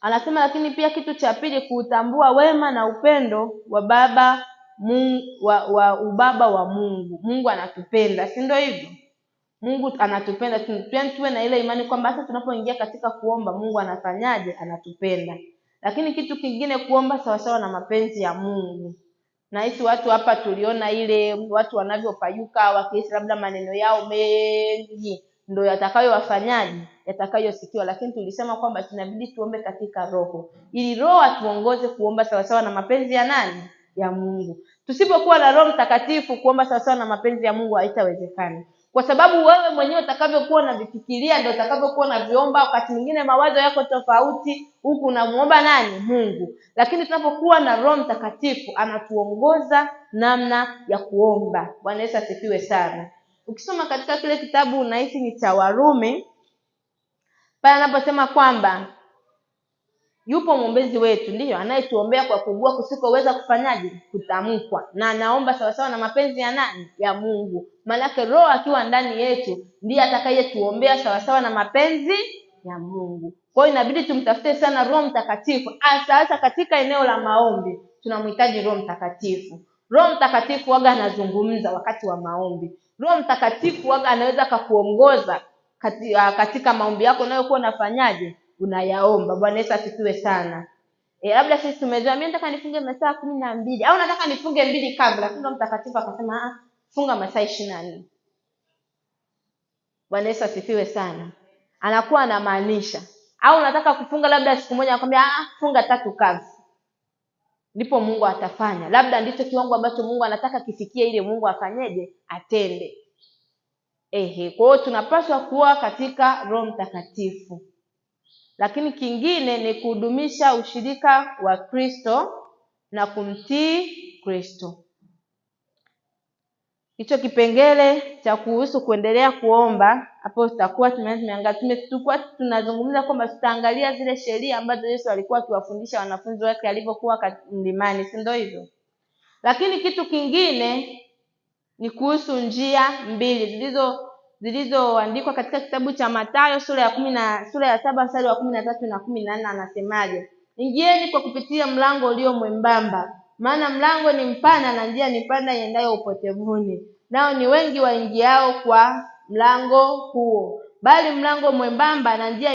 Anasema lakini pia kitu cha pili kuutambua wema na upendo wa baba Mungu, wa, wa ubaba wa Mungu. Mungu anatupenda, si ndio hivyo? Mungu anatupenda, tuwe na ile imani kwamba hata tunapoingia katika kuomba Mungu anafanyaje? Anatupenda. Lakini kitu kingine kuomba sawasawa na mapenzi ya Mungu. Na hisi watu hapa tuliona ile watu wanavyopayuka wakiisi labda maneno yao mengi ndo yatakayowafanyaji yatakayosikiwa, lakini tulisema kwamba tunabidi tuombe katika Roho ili Roho atuongoze kuomba sawasawa na mapenzi ya nani? Ya Mungu. Tusipokuwa na Roho Mtakatifu, kuomba sawasawa na mapenzi ya Mungu haitawezekana, kwa sababu wewe mwenyewe utakavyokuwa unavifikiria ndio utakavyokuwa unaviomba. Wakati mwingine mawazo yako tofauti, huku unamuomba nani? Mungu. Lakini tunapokuwa na Roho Mtakatifu, anatuongoza namna ya kuomba. Bwana Yesu asifiwe sana ukisoma katika kile kitabu unahisi ni cha Warumi pale anaposema kwamba yupo mwombezi wetu, ndiyo anayetuombea kwa kuugua kusikoweza kufanyaje kutamkwa, na anaomba sawasawa na mapenzi ya nani? Ya Mungu. Maanake Roho akiwa ndani yetu ndiye atakayetuombea sawasawa na mapenzi ya Mungu. Kwa hiyo inabidi tumtafute sana Roho Mtakatifu, hasa hasa katika eneo la maombi tunamhitaji Roho Mtakatifu. Roho Mtakatifu waga anazungumza wakati wa maombi. Roho Mtakatifu waga anaweza akakuongoza katika, ah, katika maombi yako unayokuwa unafanyaje unayaomba. Bwana Yesu asifiwe sana. E, labda sisi tumezoea mimi nataka nifunge masaa kumi na mbili au nataka nifunge mbili kabla, lakini Roho Mtakatifu akasema ah, funga masaa ishirini na nne. Bwana Yesu asifiwe sana. Anakuwa anamaanisha au nataka kufunga labda siku moja, anakwambia ah, funga tatu kazi ndipo Mungu atafanya. Labda ndicho kiwango ambacho Mungu anataka kifikie, ili Mungu afanyeje? Atende. Ehe, kwa hiyo tunapaswa kuwa katika Roho Mtakatifu. Lakini kingine ni kudumisha ushirika wa Kristo na kumtii Kristo hicho kipengele cha kuhusu kuendelea kuomba hapo tutakuwa tulikuwa tunazungumza kwamba tutaangalia zile sheria ambazo Yesu alikuwa akiwafundisha wanafunzi wake alivyokuwa mlimani, si ndio hivyo? Lakini kitu kingine ni kuhusu njia mbili zilizo zilizoandikwa katika kitabu cha Mathayo sura ya kumi na sura ya saba mstari wa kumi na tatu na kumi na nne anasemaje? Ingieni kwa kupitia mlango ulio mwembamba maana mlango ni mpana na njia ni panda iendayo upotevuni, nao ni wengi waingiao kwa mlango huo; bali mlango mwembamba na njia